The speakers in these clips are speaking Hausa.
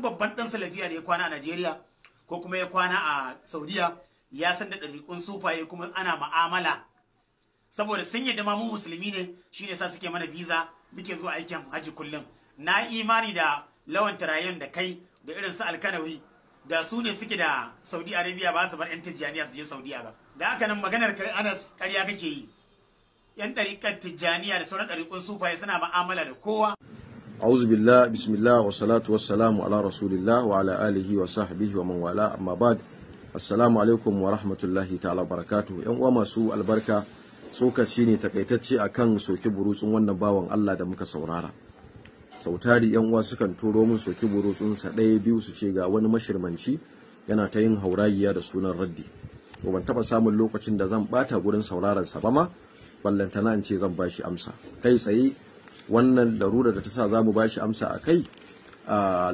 babban dan salafiya da ya kwana a Najeriya ko kuma ya kwana a Saudiya ya san da ɗariƙun sufaye kuma ana ma'amala saboda sun yi ma mu musulmi ne shine sa suke mana biza muke zuwa aikin haji kullum na imani da lawan rayon da kai da irin su alkanawi da su ne suke da Saudi Arabia ba su bar yan tijjaniya su je Saudiya ba da haka nan maganar kai Anas ƙarya kake yi yan ɗariƙar tijjaniya da sauran ɗariƙun sufaye suna ma'amala da kowa أعوذ بالله بسم الله والصلاة alihi على رسول wa وعلى آله وصحبه ومن والاه أما بعد السلام عليكم ورحمة الله تعالى وبركاته يوم وما سوء البركة tsokaci ne takaitacce akan soki burutsun wannan bawan Allah da muka saurara Sautari yan uwa sukan turo min soki burutsunsa ɗaya biyu su ce ga wani mashirmanci yana ta yin hauragiya da sunan raddi to ban taba samun lokacin da zan bata gurin sauraron sa ba ma ballantana in ce zan bashi amsa kai tsaye wannan larura da ta sa ba shi amsa a kai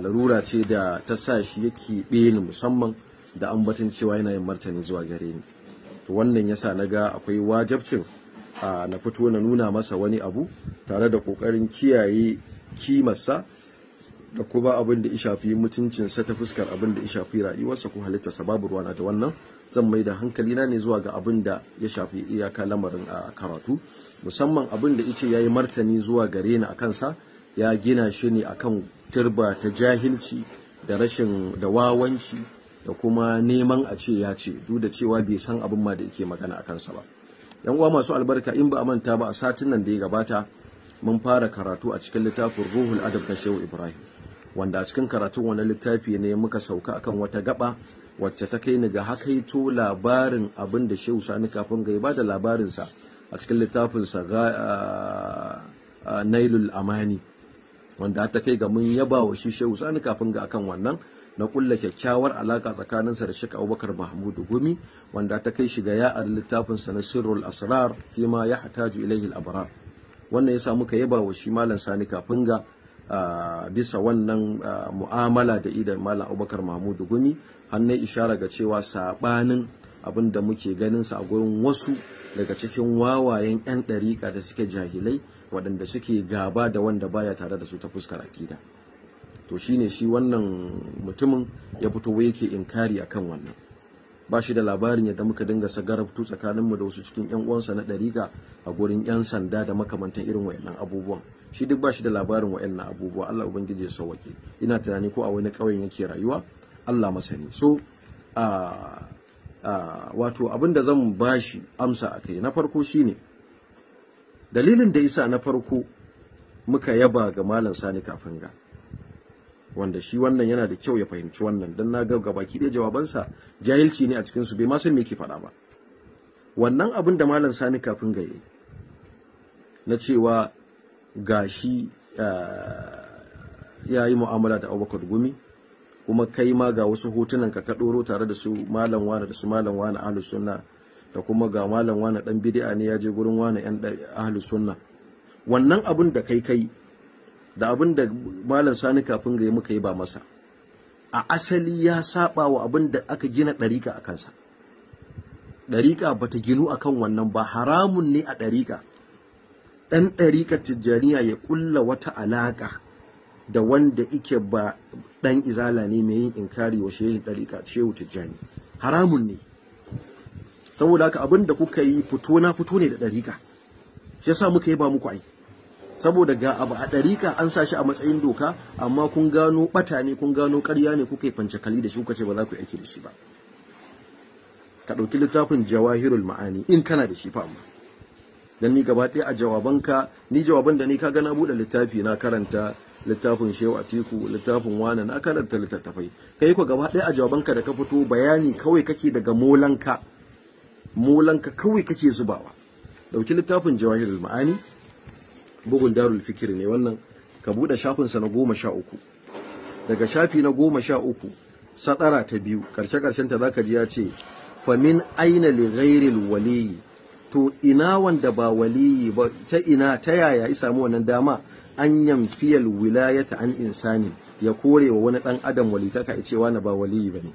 larura ce da ta sa shi yake ɓeni musamman da an batun cewa yana yin martani zuwa gare ni to wannan yasa na ga akwai wajabcin na fito na nuna masa wani abu tare da kokarin kiyaye kimarsa da kuma abin da shafi mutuncinsa ta fuskar abin da shafi rayuwarsa ko halittarsa babu ruwana da wannan zan mai da hankalina ne zuwa ga abin da ya shafi iyaka lamarin a karatu musamman abin da ice ya yi martani zuwa gare ni a kansa ya gina shi ne akan turba ta jahilci da rashin da wawanci da kuma neman a ce ya ce duk da cewa bai san abin ma da yake magana a kansa ba yan uwa masu albarka in ba a manta ba a satin nan da ya gabata mun fara karatu a cikin littafin ruhul adab na shehu ibrahim wanda a cikin karatun wani littafi ne muka sauka akan wata gaba wacce ta kai ni ga hakaito labarin abin da shehu sani kafin ga ba da labarinsa a cikin littafin littafinsa nailul amani wanda ta kai ga mun yaba wa shi shehu sani kafin ga akan wannan na kulla kyakkyawar alaka tsakaninsa da Sheikh Abubakar Mahmudu Gumi wanda ta kai shiga ya a littafin sa na Sirrul Asrar fi ma ya hataju ilayhi al-abrar wannan yasa muka yaba wa shi malam Sani Kafinga bisa wannan mu'amala da idan malam Abubakar Mahmudu Gumi hannai ishara ga cewa sabanin abin da muke ganin sa a gurin wasu daga cikin wawayen 'yan dariƙa da suke jahilai waɗanda suke gaba da wanda baya tare da su ta fuskar akida to shine shi wannan mutumin ya fito wai yake inkari akan wannan ba shi da labarin yadda muka dinga sagarabtu tsakaninmu da wasu cikin 'yan uwansa na dariƙa, a gurin 'yan sanda da makamantan irin wayannan abubuwan shi duk ba shi da labarin wayannan abubuwa Allah ubangiji ya sauwake ina tunani ko a wani ƙauyen yake rayuwa Allah masani so a ah, wato abin da zan ba shi amsa a kai na farko shine dalilin da isa na farko muka yaba ga malam sani kafin ga wanda shi wannan yana da kyau ya fahimci wannan don na ga baki ɗaya jawabansa jahilci ne a cikinsu bai ma san me ke faɗa ba wannan abin da malam sani kafin ga yi na cewa gashi eh, ya yi mu'amala da abubakar gumi kuma kai ma ga wasu hotunan ka ɗoro tare da su malam wani da su malam wani ahlus sunna da kuma ga malam wani dan bid'a ne ya je gurin wani yan ahlus sunna wannan abin da kai kai da abin da malam sani kafin ga muka yi ba masa a asali ya saba wa abin da aka gina ɗarika a kansa Ɗarika ba ta ginu akan wannan ba haramun ne a ɗarika. ɗan ɗarika tijjaniya ya ƙulla wata alaƙa da wanda ike ba dan izala ne mai yin inkari wa shehin ɗarika shehu tijjani haramun ne saboda haka abin da kuka yi fito na fito ne da ɗarika shi yasa muka yi ba muku ai saboda ga abu a ɗarika an sa shi a matsayin doka amma kun gano bata ne kun gano ƙarya ne kuka yi fancakali da shi kuka ce ba za ku yi aiki da shi ba ka ɗauki littafin jawahirul ma'ani in kana da shi fa amma dan ni gaba ɗaya a jawabanka ni jawaban da ni ka gana buɗe littafi na karanta littafin shehu atiku littafin wane na karanta littattafai kai ku gaba ɗaya a jawabanka da ka fito bayani kawai kake daga molanka molanka kawai kake zubawa Ɗauki littafin jawahirul ma'ani bugun darul fikir ne wannan ka buɗe shafinsa na goma sha uku daga shafi na goma sha uku sadara ta biyu karshe karshen ta zaka ji ya ce famin aina li ghairil waliyi to ina wanda ba waliyi ba ta ina ta yaya ya samu wannan dama an yamfiyar wilayata an insani ya kore wa wani dan adam walita ka ce wani ba waliyi ne.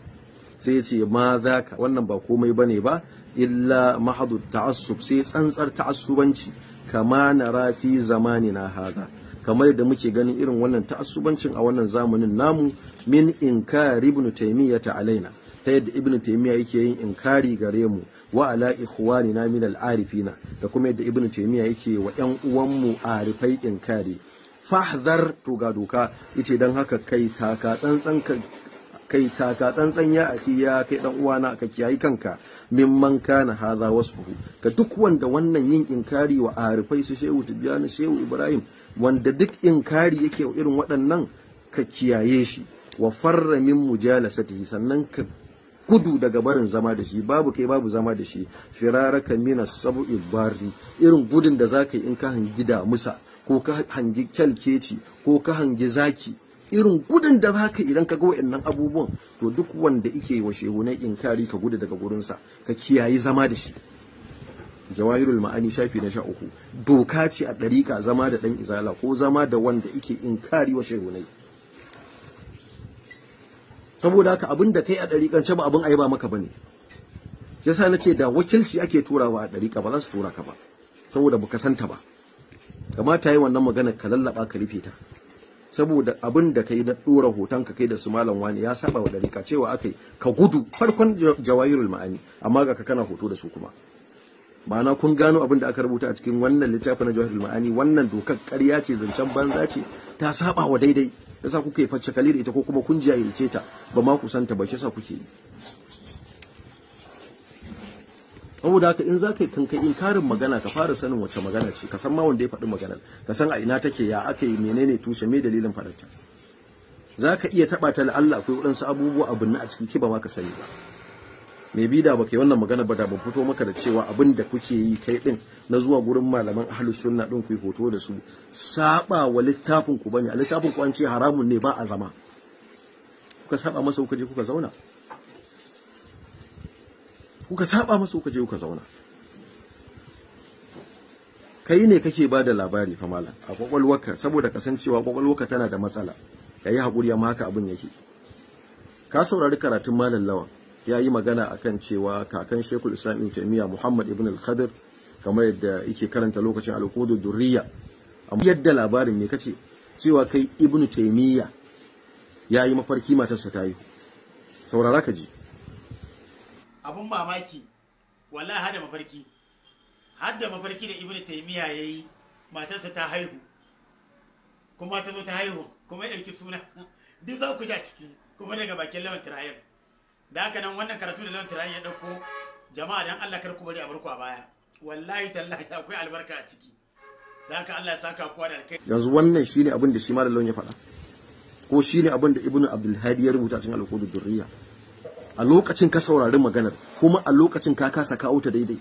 sai ya ce ma za ka wannan ba komai bane ba illa mahadu ta'assub sai tsantsar ta'assubanci kama rafi zamani na haza kamar yadda muke ganin irin wannan ta'assubancin a wannan zamanin namu min inkari ibn ta alaina ta yadda ibn taymiya yake yin inkari gare mu wa ala na min al-arifina da kuma yadda ibn taymiya yake wa yan uwan mu arifai inkari fahdar to ga doka yace dan haka kai taka tsantsan kai taka tsantsan ya afi ya kai dan uwana ka kiyayi kanka mimman kana hadha wasbu ka duk wanda wannan yin inkari wa arifai su shehu shehu ibrahim wanda duk inkari yake irin waɗannan ka kiyaye shi wa farra min mujalasatihi sannan ka gudu daga barin zama da shi babu kai babu zama da shi firaraka mina sabu barri irin gudun da zaka yi in ka hangida musa ko ka hangi kyalkeci ko ka hangi zaki irin gudun da za ka idan ka ga wa'annan abubuwan to duk wanda ike wa shehunai inkari ka gudu daga gurinsa ka kiyayi zama da shi jawahirul ma'ani shafi na sha uku doka ce a ɗariƙa zama da ɗan izala ko zama da wanda ike inkari wa shehunai saboda haka abin da kai a ɗariƙan ba abin ba maka ba sa yasa ce da wakilci ake turawa a ɗariƙa ba za su tura ka ba saboda baka santa ba kamata yi wannan magana ka lallaba ka rufe ta saboda abin da kai na dora hoton ka kai da su malam wani ya saba wa dariƙa cewa yi ka gudu farkon jawahirul ma'ani amma ga ka kana hoto da su kuma ma'ana kun gano abin da aka rubuta a cikin wannan littafin na jawahirul ma'ani wannan dokar ƙarya ce zancen banza ce ta saba wa daidai yasa kuke fashe kalli da ita ko kuma kun jahilce ta ba ma ku santa ba shi yasa kuke yi saboda haka in zaka in karin magana ka fara sanin wace magana ce ka san ma wanda ya faɗi magana ka san a ina take ya aka yi menene tushe me dalilin ta zaka iya taba ta allah akwai waɗansu abubuwa abun na a ciki kiba ma ka sani ba me da baka yi wannan magana ba da ban fito maka da cewa abin da kuke yi kai din na zuwa gurin malaman ahlus sunna din ku hoto da su saba wa littafin ku bane a littafin ku an ce haramun ne ba a zama kuka saba masa kuka je kuka zauna kuka saba masa kuka je kuka zauna kai ne kake ba da labari fa malam a kwakwalwarka saboda kasancewa kwakwalwarka tana da matsala yayi hakuri amma haka abin yake ka saurari karatun malam lawan ya yi magana akan cewa kakan shekul islam ibn taymiya muhammad ibn al-khadir kamar yadda yake karanta lokacin al qudud durriya amma yadda labarin me kace cewa kai ibn taymiya yayi mafarki matarsa ta haihu. saurara ka ji abun mamaki wallahi hada mafarki hada mafarki da ibnu taymiya yayi matarsa ta haihu kuma ta zo ta haihu kuma ya ɗauki suna duk za ku ji a ciki kuma daga bakin lawan tirayar da haka nan wannan karatu da lawan tirayar ya dauko jama'a dan Allah kar ku bari a barku a baya wallahi tallahi akwai albarka a ciki da haka Allah ya saka ku da alkai yanzu wannan shine abin da shi malamin ya faɗa ko shine abin da ibnu abdul hadi ya rubuta cikin alqudud durriya a lokacin ka saurari maganar kuma a lokacin ka kasa kawo ta daidai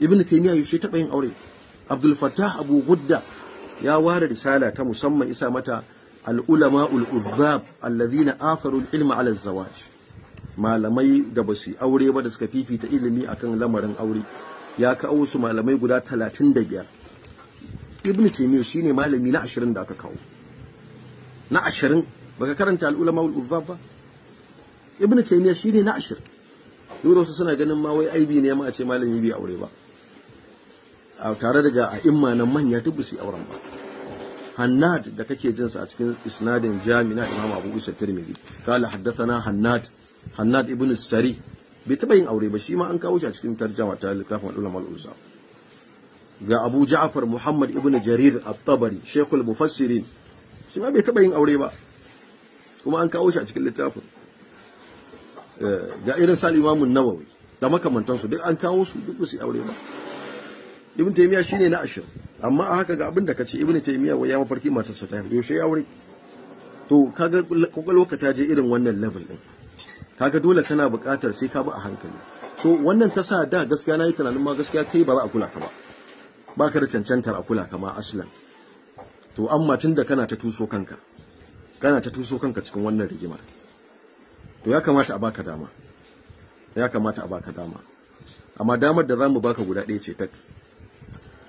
ibn taymiya yaushe taɓa yin aure abdul fattah abu gudda ya ware risala ta musamman isa mata al'ulama ul'uzzab alladhina atharu ilma ala zawaj malamai da ba su aure ba da suka fifita ilimi akan lamarin aure ya kawo su malamai guda 35 ibn taymiya shine malami na 20 da aka kawo na 20 baka karanta al'ulama ul'uzzab ba ibnu taymiya shine na ashir dole su suna ganin ma wai aibi ne ma a ce yi bi aure ba a tare daga a imma nan manya duk su auren ba hannad da kake jin sa a cikin isnadin jami'a imam abu isa tirmidhi kala haddathana hannad hannad ibnu sari bai taba yin aure ba shi ma an kawo shi a cikin tarjama ta littafin ulama al-usa ga abu ja'far muhammad ibnu jarir at-tabari shaykhul mufassirin shi ma bai taba yin aure ba kuma an kawo shi a cikin littafin Eh, ga irin sa imamun nawawi da makamantansu duk an kawo su duk su aure ba ibn taymiya shine na ashirin amma a haka ga abin da kace ibn taymiya wai ya mafarki matarsa ta yau yaushe ya aure to kaga kwakwalwa ta je irin wannan level din kaga dole kana buƙatar sai ka bi a hankali so wannan ta sa da gaskiya na yi tunanin ma gaskiya kai ba za a kula ka ba ba ka da cancantar a kula ka ma aslan to amma tun da kana ta tuso kanka kana ta tuso kanka cikin wannan rigimar to ya kamata a baka dama ya kamata a baka dama amma damar da za mu baka guda ɗaya ce ta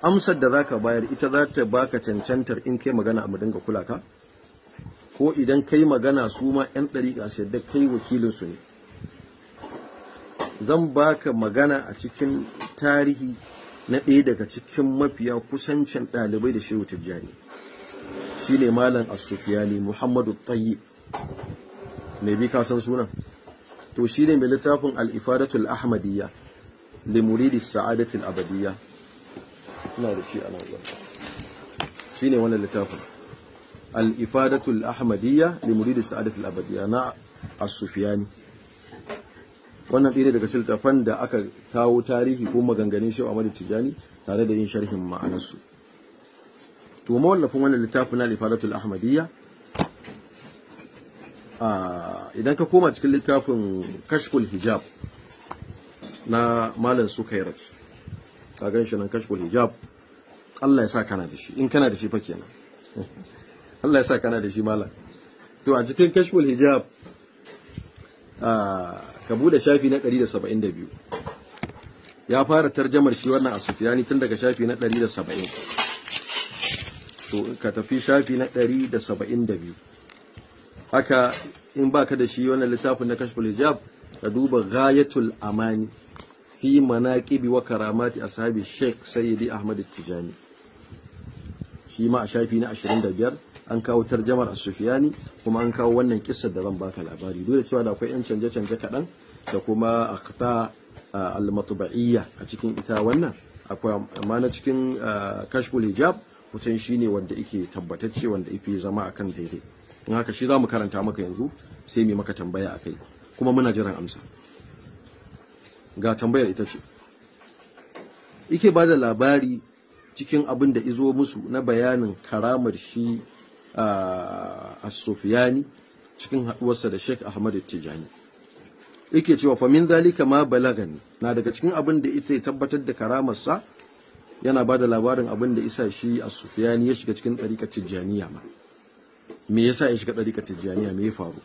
amsar da za ka bayar ita za ta baka cancantar in kai magana a mu dinga kula ka ko idan kai magana su ma 'yan ɗariƙa su yadda kai wakilinsu ne zan baka magana a cikin tarihi na ɗaya daga cikin mafiya kusancin ɗalibai da shehu tijjani shine malam as muhammadu tayyib mai bi ka san sunan to shi ne mai littafin al'ifadatul ahmadiyya li muridi sa'adatul abadiyya ina da shi a nan shi ne wannan littafin al'ifadatul ahmadiyya li muridi sa'adatul abadiyya na Asufiyani? wannan ɗaya daga cikin littafan da aka kawo tarihi ko maganganun a Ahmadu Tijani tare da yin sharhin ma'anarsu to mawallafin wannan littafin na al'ifadatul ahmadiyya Ah, idan ka koma cikin littafin kashkul hijab na malam sukairat ka gan shi nan kashkul hijab Allah ya sa kana da shi in kana da shi fa kenan Allah ya sa kana da shi malam to a cikin kashkul hijab ah, ka bude shafi na 172 ya fara tarjamar shi wannan a sufiyani tun daga shafi na 170 to ka tafi shafi na 172 haka in baka da shi wannan littafin na kashful hijab ka duba ghayatul amani fi manaqibi wa karamati ashabi sheikh sayyidi ahmad tijani shi ma a shafi na 25 an kawo tarjamar as sufiyani kuma an kawo wannan kissa da zan baka labari dole cewa da akwai yan canje canje kaɗan da kuma aqta al matbaiyya a cikin ita wannan akwai amma na cikin kashful hijab mutun shine wanda yake tabbatacce wanda yake zama akan daidai in haka shi za mu karanta maka yanzu sai mai maka tambaya a kai kuma muna jiran amsa ga tambayar ita ce ike ba da labari cikin abin da izo musu na bayanin karamar shi a sufiyani cikin haɗuwarsa da sheik ahmad tijani ike cewa famin zalika ma ne, na daga cikin abin da ita tabbatar da karamarsa yana ba da labarin abin da isa shi a sufiyani ya shiga cikin ɗarikacin tijjaniya ma me yasa ya shiga ɗariƙar tijjaniya me ya faru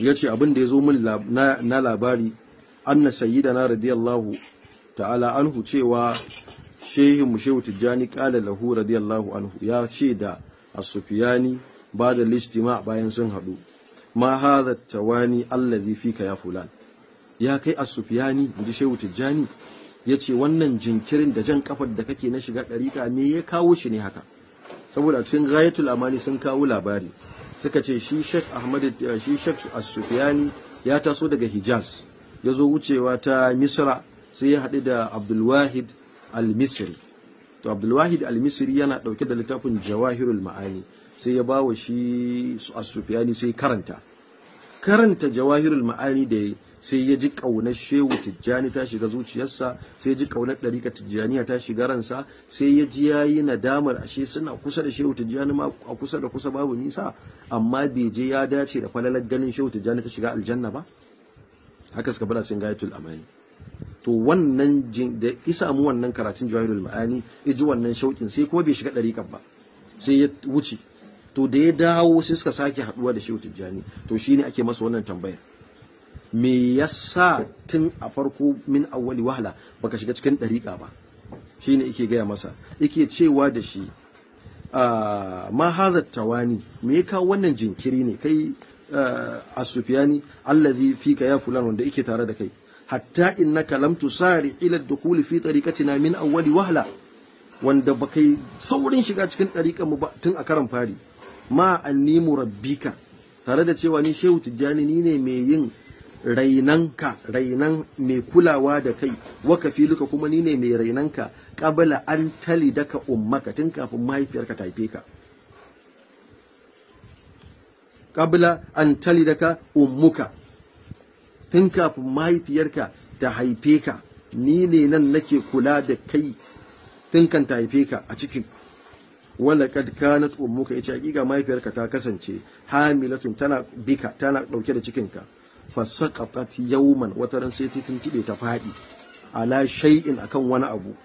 ya ce abin da ya zo min na labari da na radiyallahu ta'ala anhu cewa shehin shehu tijjani ƙala lahu radiyallahu anhu ya ce da asufiyani ba da listima bayan sun haɗu ma wani tawani allazi fika ya fulan ya kai asufiyani inji shehu tijjani ya ce wannan jinkirin da jan kafar da kake na shiga ɗariƙa me ya kawo shi ne haka saboda cikin gayatul amali sun kawo labari suka ce shi Sheikh Ahmad shi Sheikh As-Sufyani ya taso daga Hijaz ya zo wucewa ta Misra sai ya haɗu da Abdul Wahid Al-Misri to Abdul Wahid Al-Misri yana ɗauke da littafin Jawahirul Ma'ani sai ya bawa shi As-Sufyani sai karanta karanta Jawahirul Ma'ani da sai ya ji ƙaunar shehu tijjani ta shiga zuciyarsa sai ya ji ƙaunar ɗarika tijjaniya ta shiga ransa sai ya ji yayi yi nadamar ashe suna kusa da shehu tijjani ma a kusa da kusa babu nisa amma bai je ya dace da falalar ganin shehu tijjani ta shiga aljanna ba haka suka bada cin gayatul amani to wannan jin da isa mu wannan karatun jawahirul ma'ani ya ji wannan shauƙin sai kuma bai shiga ɗarikan ba sai ya wuce to da ya dawo sai suka sake haɗuwa da shehu tijjani to shine ake masa wannan tambayar me yasa tun a farko min awwali wahala baka shiga cikin dariƙa ba shine yake gaya masa yake cewa da shi a ah, ma hadha tawani me ya kawo wannan jinkiri ne kai asufiyani ah, allazi fika ya fulan wanda yake tare da kai hatta innaka lam tusari ila ad fi tariqatina min awwali wahala wanda baka yi saurin shiga cikin ɗariƙar mu ba tun a karan fari ma annimu rabbika tare da cewa ni shehu tijjani ni ne mai yin rainanka rainan mai kulawa da kai waka filuka kuma ni ne mai rainanka kabala an tali daka ummaka tun kafin mahaifiyarka ta haife ka kabla an tali daka ummuka tun kafin mahaifiyarka ta haife ka ni ne nan nake kula da kai tun kan ta haife ka a cikin wala kad kanat ummuka yace hakika mahaifiyarka ta kasance hamilatun tana bika tana dauke da cikinka fasaqatat yawman wata ran sai ta tuntube ta fadi ala shay'in akan wani abu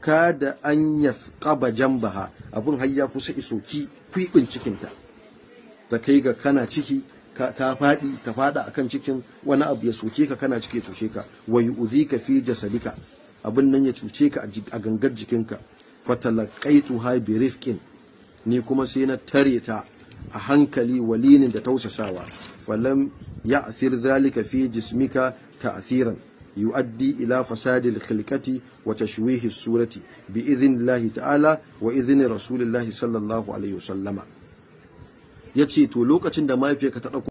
kada an yafqaba jambaha abun har ya kusa isoki kwibin cikinta ta kai ga kana ciki ta fadi ta fada akan cikin wani abu ya soke ka kana cike cuce ka wa uzika fi jasadika abin nan ya cuce ka a gangar ka fatalaqaitu ha bi rifqin ni kuma sai na tare ta a hankali walinin da tausasawa falam يأثر ذلك في جسمك تأثيرا يؤدي إلى فساد الخلقة وتشويه الصورة بإذن الله تعالى وإذن رسول الله صلى الله عليه وسلم يتشي تولوك تندما يبيك تأكو